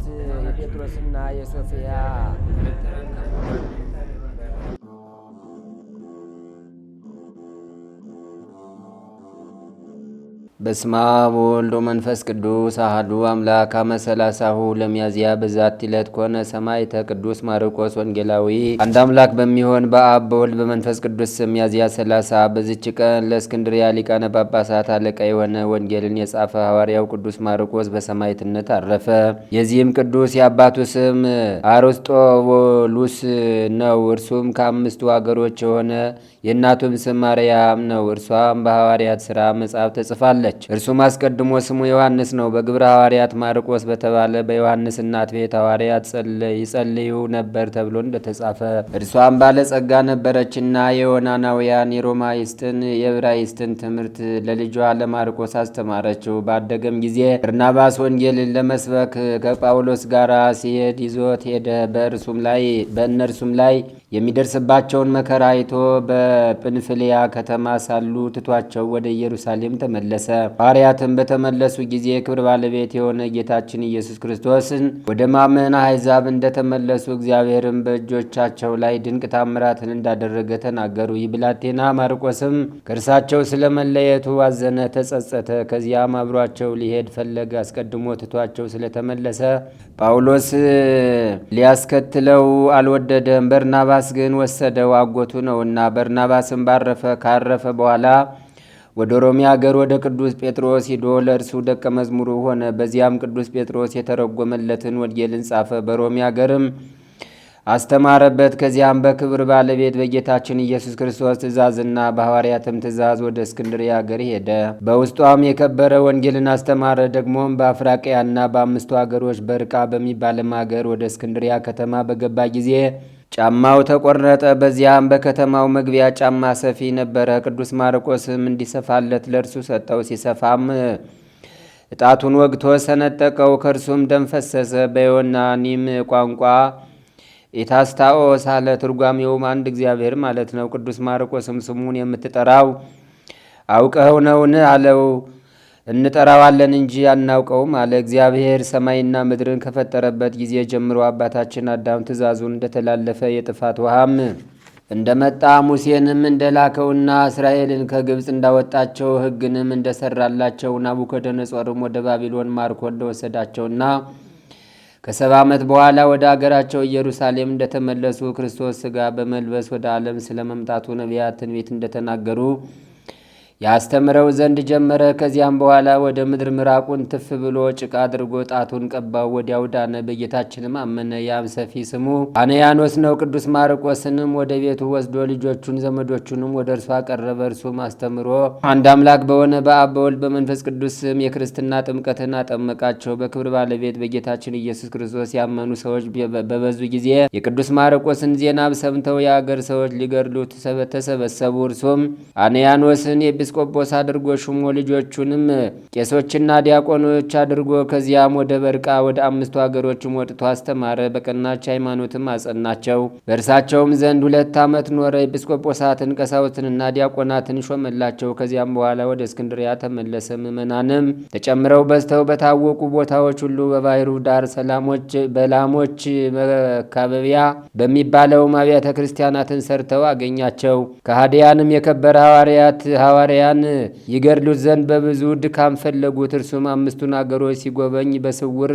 que Ilyat Rosin በስማ ወልዶ መንፈስ ቅዱስ አህዱ አምላክ አመ ሰላሳሁ ለሚያዝያ በዛቲ ዕለት ኮነ ሰማዕተ ቅዱስ ማርቆስ ወንጌላዊ። አንድ አምላክ በሚሆን በአብ በወልድ በመንፈስ ቅዱስ ስም ሚያዝያ ሰላሳ በዚች ቀን ለእስክንድርያ ሊቃነ ጳጳሳት አለቃ የሆነ ወንጌልን የጻፈ ሐዋርያው ቅዱስ ማርቆስ በሰማዕትነት አረፈ። የዚህም ቅዱስ የአባቱ ስም አርስጦቡሉስ ነው። እርሱም ከአምስቱ አገሮች የሆነ የእናቱም ስም ማርያም ነው። እርሷም በሐዋርያት ሥራ መጽሐፍ ተጽፋለች። አለች። እርሱም አስቀድሞ ስሙ ዮሐንስ ነው። በግብረ ሐዋርያት ማርቆስ በተባለ በዮሐንስ እናት ቤት ሐዋርያት ይጸልዩ ነበር ተብሎ እንደተጻፈ እርሷም ባለጸጋ ነበረችና የዮናናውያን የሮማይስትን የዕብራይስትን ትምህርት ለልጇ ለማርቆስ አስተማረችው። ባደገም ጊዜ በርናባስ ወንጌልን ለመስበክ ከጳውሎስ ጋር ሲሄድ ይዞት ሄደ። በእርሱም ላይ በእነርሱም ላይ የሚደርስባቸውን መከራ አይቶ በጵንፍልያ ከተማ ሳሉ ትቷቸው ወደ ኢየሩሳሌም ተመለሰ። ሐዋርያትም በተመለሱ ጊዜ የክብር ባለቤት የሆነ ጌታችን ኢየሱስ ክርስቶስን ወደ ማመን አሕዛብ እንደተመለሱ እግዚአብሔርም በእጆቻቸው ላይ ድንቅ ታምራትን እንዳደረገ ተናገሩ። ይህ ብላቴና ማርቆስም ከእርሳቸው ስለመለየቱ አዘነ፣ ተጸጸተ። ከዚያም አብሯቸው ሊሄድ ፈለገ። አስቀድሞ ትቷቸው ስለተመለሰ ጳውሎስ ሊያስከትለው አልወደደም። በርናባስ ግን ወሰደው፣ አጎቱ ነውና። በርናባስም ባረፈ። ካረፈ በኋላ ወደ ሮሚያ አገር ወደ ቅዱስ ጴጥሮስ ሂዶ ለእርሱ ደቀ መዝሙሩ ሆነ። በዚያም ቅዱስ ጴጥሮስ የተረጎመለትን ወንጌልን ጻፈ፣ በሮሚ አገርም አስተማረበት። ከዚያም በክብር ባለቤት በጌታችን ኢየሱስ ክርስቶስ ትእዛዝና በሐዋርያትም ትእዛዝ ወደ እስክንድርያ አገር ሄደ። በውስጧም የከበረ ወንጌልን አስተማረ። ደግሞም በአፍራቅያና በአምስቱ አገሮች በርቃ በሚባልም አገር ወደ እስክንድርያ ከተማ በገባ ጊዜ ጫማው ተቆረጠ። በዚያም በከተማው መግቢያ ጫማ ሰፊ ነበረ። ቅዱስ ማርቆስም እንዲሰፋለት ለእርሱ ሰጠው። ሲሰፋም እጣቱን ወግቶ ሰነጠቀው፣ ከእርሱም ደም ፈሰሰ። በዮናኒም ቋንቋ ኢታስታኦስ አለ። ትርጓሜውም አንድ እግዚአብሔር ማለት ነው። ቅዱስ ማርቆስም ስሙን የምትጠራው አውቀው ነውን አለው። እንጠራዋለን እንጂ አናውቀውም አለ። እግዚአብሔር ሰማይና ምድርን ከፈጠረበት ጊዜ ጀምሮ አባታችን አዳም ትእዛዙን እንደተላለፈ የጥፋት ውሃም እንደመጣ ሙሴንም እንደላከውና እስራኤልን ከግብፅ እንዳወጣቸው ሕግንም እንደሰራላቸው ናቡከደነጾርም ወደ ባቢሎን ማርኮ እንደወሰዳቸውና ከሰባ ዓመት በኋላ ወደ አገራቸው ኢየሩሳሌም እንደተመለሱ ክርስቶስ ሥጋ በመልበስ ወደ ዓለም ስለመምጣቱ ነቢያት ትንቢት እንደተናገሩ ያስተምረው ዘንድ ጀመረ። ከዚያም በኋላ ወደ ምድር ምራቁን ትፍ ብሎ ጭቃ አድርጎ ጣቱን ቀባው፣ ወዲያው ዳነ። በጌታችንም አመነ። ያም ሰፊ ስሙ አነያኖስ ነው። ቅዱስ ማርቆስንም ወደ ቤቱ ወስዶ ልጆቹን ዘመዶቹንም ወደ እርሱ አቀረበ። እርሱም አስተምሮ አንድ አምላክ በሆነ በአብ በወልድ በመንፈስ ቅዱስ ስም የክርስትና ጥምቀትን አጠመቃቸው። በክብር ባለቤት በጌታችን ኢየሱስ ክርስቶስ ያመኑ ሰዎች በበዙ ጊዜ የቅዱስ ማርቆስን ዜና ሰምተው የአገር ሰዎች ሊገድሉት ተሰበሰቡ። እርሱም አነያኖስን ኤጲስቆጶስ አድርጎ ሹሞ ልጆቹንም ቄሶችና ዲያቆኖች አድርጎ ከዚያም ወደ በርቃ ወደ አምስቱ አገሮችም ወጥቶ አስተማረ። በቀናች ሃይማኖትም አጸናቸው። በእርሳቸውም ዘንድ ሁለት ዓመት ኖረ። ኤጲስቆጶሳትን ቀሳውስትንና ዲያቆናትን ሾመላቸው። ከዚያም በኋላ ወደ እስክንድሪያ ተመለሰ። ምእመናንም ተጨምረው በዝተው በታወቁ ቦታዎች ሁሉ በባህሩ ዳር ሰላሞች በላሞች መካበቢያ በሚባለውም አብያተ ክርስቲያናትን ሰርተው አገኛቸው። ከሃዲያንም የከበረ ሐዋርያት ሐዋርያ ባሪያን ይገድሉት ዘንድ በብዙ ድካም ፈለጉት። እርሱም አምስቱን አገሮች ሲጎበኝ በስውር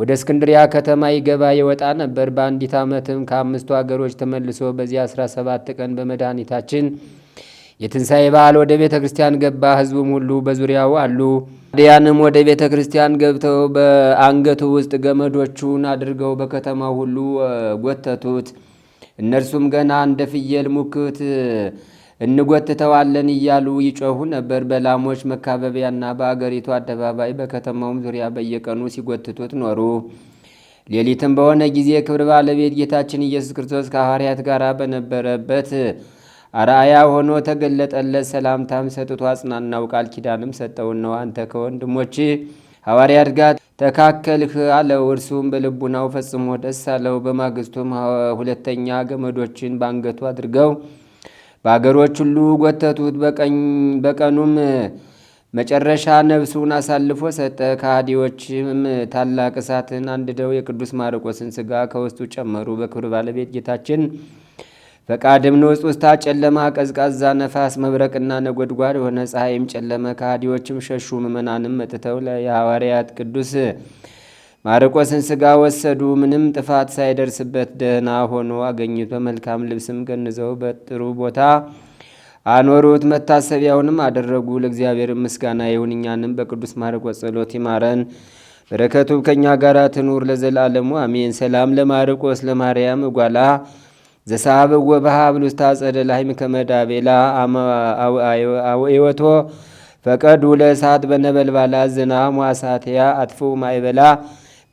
ወደ እስክንድሪያ ከተማ ይገባ ይወጣ ነበር። በአንዲት ዓመትም ከአምስቱ አገሮች ተመልሶ በዚህ 17 ቀን በመድኃኒታችን የትንሣኤ በዓል ወደ ቤተ ክርስቲያን ገባ። ሕዝቡም ሁሉ በዙሪያው አሉ። ዲያንም ወደ ቤተ ክርስቲያን ገብተው በአንገቱ ውስጥ ገመዶቹን አድርገው በከተማው ሁሉ ጎተቱት። እነርሱም ገና እንደ ፍየል ሙክት እንጎትተዋለን እያሉ ይጮሁ ነበር። በላሞች መካበቢያና በአገሪቱ አደባባይ በከተማውም ዙሪያ በየቀኑ ሲጎትቱት ኖሩ። ሌሊትም በሆነ ጊዜ ክብር ባለቤት ጌታችን ኢየሱስ ክርስቶስ ከሐዋርያት ጋር በነበረበት አርአያ ሆኖ ተገለጠለት። ሰላምታም ሰጥቶ አጽናናው፣ ቃል ኪዳንም ነው። አንተ ከወንድሞች ሐዋርያት ጋር ተካከልህ አለው። እርሱም በልቡናው ፈጽሞ ደስ አለው። በማግስቱም ሁለተኛ ገመዶችን በአንገቱ አድርገው በአገሮች ሁሉ ጎተቱት። በቀኑም መጨረሻ ነፍሱን አሳልፎ ሰጠ። ከሃዲዎችም ታላቅ እሳትን አንድደው የቅዱስ ማርቆስን ስጋ ከውስጡ ጨመሩ። በክብር ባለቤት ጌታችን ፈቃድም ንውስጥ ውስታ ጨለማ፣ ቀዝቃዛ ነፋስ፣ መብረቅና ነጎድጓድ የሆነ ፀሐይም ጨለመ። ከሃዲዎችም ሸሹ። ምእመናንም መጥተው የሐዋርያት ቅዱስ ማርቆስን ስጋ ወሰዱ። ምንም ጥፋት ሳይደርስበት ደህና ሆኖ አገኙት። በመልካም ልብስም ገንዘው በጥሩ ቦታ አኖሩት። መታሰቢያውንም አደረጉ። ለእግዚአብሔር ምስጋና ይሁን፣ እኛንም በቅዱስ ማርቆስ ጸሎት ይማረን፣ በረከቱ ከእኛ ጋር ትኑር ለዘላለሙ አሜን። ሰላም ለማርቆስ ለማርያም እጓላ ዘሳብ ወበሃብ ሉስታ ጸደላይም ከመዳቤላ አወቶ ፈቀዱ ለእሳት በነበልባላ ዝና ሟሳትያ አጥፎ ማይበላ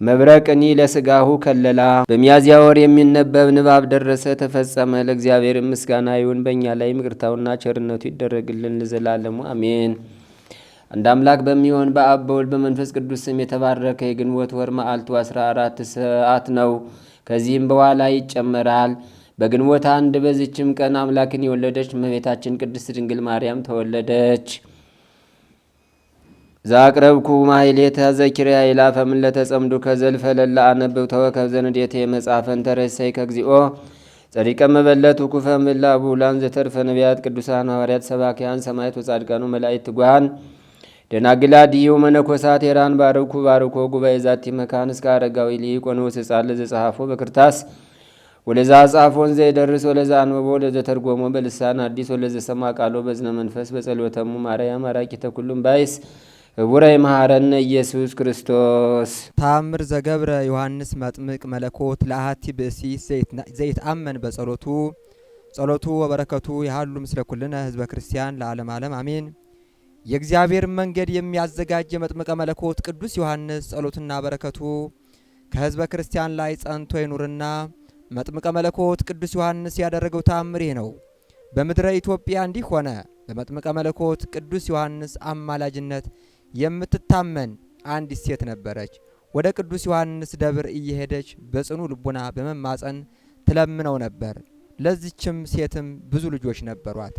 መብረቅኒ ለስጋሁ ከለላ በሚያዝያ ወር የሚነበብ ንባብ ደረሰ ተፈጸመ። ለእግዚአብሔር ምስጋና ይሁን፣ በእኛ ላይ ምቅርታውና ቸርነቱ ይደረግልን ለዘላለሙ አሜን። አንድ አምላክ በሚሆን በአብ በወልድ በመንፈስ ቅዱስ ስም የተባረከ የግንቦት ወር መዓልቱ 14 ሰዓት ነው። ከዚህም በኋላ ይጨመራል። በግንቦት አንድ በዚችም ቀን አምላክን የወለደች እመቤታችን ቅድስት ድንግል ማርያም ተወለደች። ዛቅረብኩ ማሕሌተ ዘኪርያ ይላፈ ምለተ ጸምዱ ከዘልፈ ለላ አነብብ ተወከብ ዘንዴቴ መጻፈን ተረሰይ ከግዚኦ ጸሪቀ መበለት ኩፈ ምላ ቡላን ዘተርፈ ነቢያት ቅዱሳን ሐዋርያት ሰባኪያን ሰማይት ወጻድቀኑ መላእክት ትጉሃን ደናግላ ድዩ መነኮሳት ሄራን ባርኩ ባርኮ ጉባኤ ዛቲ መካን እስከ አረጋዊ ሊቆን ወስጻለ ዘጸሐፎ በክርታስ ወለዛ ጻፎን ዘይደርስ ወለዛ አንበቦ ወለዘ ተርጎሞ በልሳን አዲስ ወለዘ ሰማ ቃሎ በዝነ መንፈስ በጸሎተሙ ማርያም አራቂ ተኩሉም ባይስ እቡረ ይምሃረነ ኢየሱስ ክርስቶስ። ተአምር ዘገብረ ዮሐንስ መጥምቅ መለኮት ለአሐቲ ብእሲ ዘይትአመን በጸሎቱ ጸሎቱ ወበረከቱ ያህሉ ምስለ ኩልነ ህዝበ ክርስቲያን ለዓለም ዓለም አሜን። የእግዚአብሔር መንገድ የሚያዘጋጅ የመጥምቀ መለኮት ቅዱስ ዮሐንስ ጸሎትና በረከቱ ከህዝበ ክርስቲያን ላይ ጸንቶ ይኑርና መጥምቀ መለኮት ቅዱስ ዮሐንስ ያደረገው ተአምር ይህ ነው። በምድረ ኢትዮጵያ እንዲህ ሆነ። በመጥምቀ መለኮት ቅዱስ ዮሐንስ አማላጅነት የምትታመን አንዲት ሴት ነበረች። ወደ ቅዱስ ዮሐንስ ደብር እየሄደች በጽኑ ልቡና በመማፀን ትለምነው ነበር። ለዚችም ሴትም ብዙ ልጆች ነበሯት።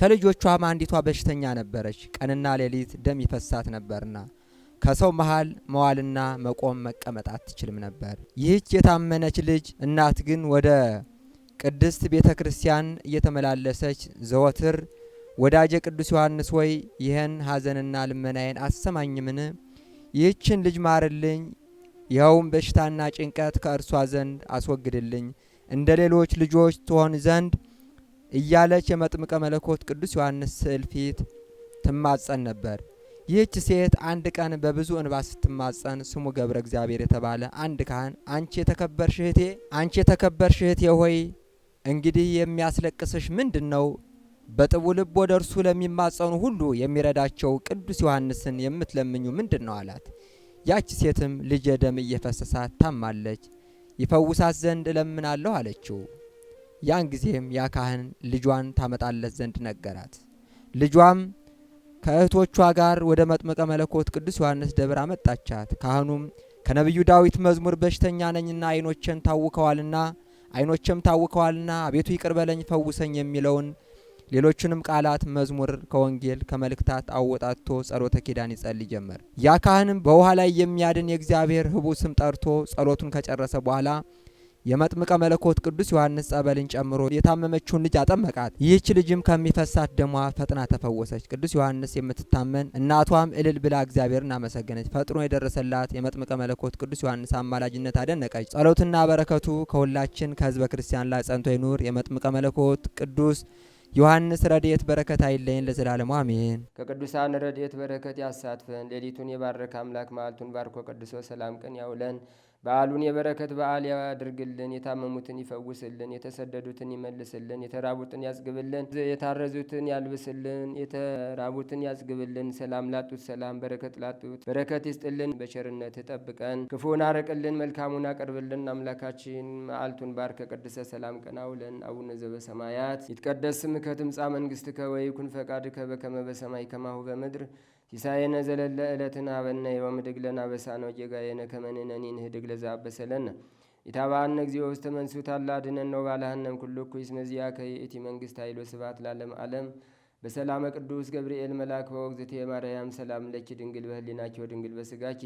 ከልጆቿም አንዲቷ በሽተኛ ነበረች፣ ቀንና ሌሊት ደም ይፈሳት ነበርና ከሰው መሃል መዋልና መቆም መቀመጥ አትችልም ነበር። ይህች የታመነች ልጅ እናት ግን ወደ ቅድስት ቤተ ክርስቲያን እየተመላለሰች ዘወትር ወዳጄ ቅዱስ ዮሐንስ ሆይ ይህን ሐዘንና ልመናዬን አሰማኝምን? ይህችን ልጅ ማርልኝ፣ ይኸውም በሽታና ጭንቀት ከእርሷ ዘንድ አስወግድልኝ፣ እንደ ሌሎች ልጆች ትሆን ዘንድ እያለች የመጥምቀ መለኮት ቅዱስ ዮሐንስ ስዕል ፊት ትማጸን ነበር። ይህች ሴት አንድ ቀን በብዙ እንባ ስትማጸን ስሙ ገብረ እግዚአብሔር የተባለ አንድ ካህን አንቺ የተከበርሽ እህቴ አንቺ የተከበርሽ እህቴ ሆይ እንግዲህ የሚያስለቅስሽ ምንድን ነው? በጥቡ ልብ ወደ እርሱ ለሚማጸኑ ሁሉ የሚረዳቸው ቅዱስ ዮሐንስን የምትለምኙ ምንድን ነው አላት። ያች ሴትም ልጄ ደም እየፈሰሳት ታማለች፣ ይፈውሳት ዘንድ እለምናለሁ አለችው። ያን ጊዜም ያ ካህን ልጇን ታመጣለት ዘንድ ነገራት። ልጇም ከእህቶቿ ጋር ወደ መጥምቀ መለኮት ቅዱስ ዮሐንስ ደብር አመጣቻት። ካህኑም ከነቢዩ ዳዊት መዝሙር በሽተኛ ነኝና ዓይኖቼን ታውከዋልና ዓይኖቼም ታውከዋልና አቤቱ ይቅር በለኝ ፈውሰኝ የሚለውን ሌሎችንም ቃላት መዝሙር ከወንጌል ከመልእክታት አወጣቶ ጸሎተ ኪዳን ይጸልይ ጀመር። ያ ካህንም በውሃ ላይ የሚያድን የእግዚአብሔር ህቡ ስም ጠርቶ ጸሎቱን ከጨረሰ በኋላ የመጥምቀ መለኮት ቅዱስ ዮሐንስ ጸበልን ጨምሮ የታመመችውን ልጅ አጠመቃት። ይህች ልጅም ከሚፈሳት ደሟ ፈጥና ተፈወሰች። ቅዱስ ዮሐንስ የምትታመን እናቷም እልል ብላ እግዚአብሔርን አመሰገነች። ፈጥኖ የደረሰላት የመጥምቀ መለኮት ቅዱስ ዮሐንስ አማላጅነት አደነቀች። ጸሎትና በረከቱ ከሁላችን ከህዝበ ክርስቲያን ላይ ጸንቶ ይኑር። የመጥምቀ መለኮት ቅዱስ ዮሐንስ ረድኤት በረከት አይለየን ለዘላለሙ አሜን። ከቅዱሳን ረድኤት በረከት ያሳትፈን። ሌሊቱን የባረከ አምላክ መዓልቱን ባርኮ ቀድሶ ሰላም ቀን ያውለን። በዓሉን የበረከት በዓል ያድርግልን። የታመሙትን ይፈውስልን። የተሰደዱትን ይመልስልን። የተራቡትን ያጽግብልን። የታረዙትን ያልብስልን። የተራቡትን ያጽግብልን። ሰላም ላጡት ሰላም፣ በረከት ላጡት በረከት ይስጥልን። በቸርነት ጠብቀን፣ ክፉን አረቅልን፣ መልካሙን አቅርብልን። አምላካችን መዓልቱን ባርከ ቀድሰ ሰላም ቀን አውለን። አቡነ ዘበሰማያት ይትቀደስ ስምከ ትምጻእ ከወይ ወይኩን ፈቃድከ በከመ በሰማይ ከማሁ በምድር ሲሳየነ ዘለለ ዕለትን ሀበነ የወምድግለን አበሳነ ወጌጋየነ ከመንነኒ ንህድግ ለዛ አበሰለነ ኢታባአነ እግዚኦ ውስተ መንሱ ታላድነን ነው ባላህነም ኩልኩ ይስመዚያ ከየእቲ መንግስት ኃይሎ ስባት ላለም አለም በሰላመ ቅዱስ ገብርኤል መልአክ በወግዝቴ ማርያም ሰላም ለኪ ድንግል በህሊናኪ ወድንግል በስጋኪ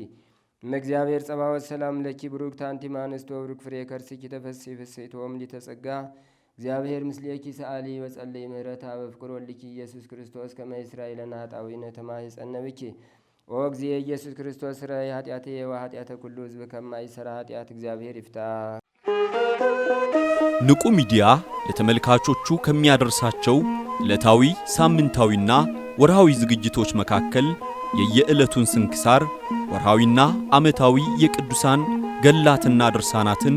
እመእግዚአብሔር ጸባወት ሰላም ለኪ ብሩክ አንቲ እምአንስቶ ብሩክ ፍሬ ከርስኪ ተፈሥሒ ፍሥሕት ሆምሊተ እግዚአብሔር ምስሌኪ ሰአሊ በጸለይ ምህረት በፍቅር ወልኪ ኢየሱስ ክርስቶስ ከመ እስራኤልና ሀጣዊነ ተማህ ኦ እግዜ ኢየሱስ ክርስቶስ ስራይ ኃጢአቴ ወኃጢአተ ኩሉ ህዝብ ከማይሰራ ኃጢአት እግዚአብሔር ይፍታ። ንቁ ሚዲያ ለተመልካቾቹ ከሚያደርሳቸው ዕለታዊ ሳምንታዊና ወርሃዊ ዝግጅቶች መካከል የየዕለቱን ስንክሳር ወርሃዊና ዓመታዊ የቅዱሳን ገላትና ድርሳናትን